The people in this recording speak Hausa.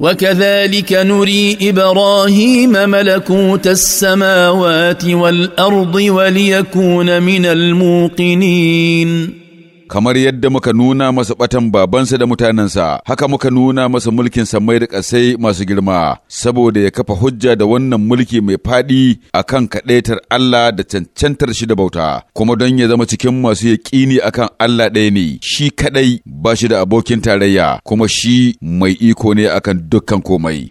وكذلك نري ابراهيم ملكوت السماوات والارض وليكون من الموقنين kamar yadda muka nuna masa batan babansa da mutanensa haka muka nuna masa mulkin samai da ƙasai masu girma saboda ya kafa hujja da wannan mulki mai faɗi kan kaɗaitar Allah da cancantar shi da bauta kuma don ya zama cikin masu yaƙini kan Allah ɗaya ne shi kaɗai ba shi da abokin tarayya kuma shi mai iko ne akan dukkan komai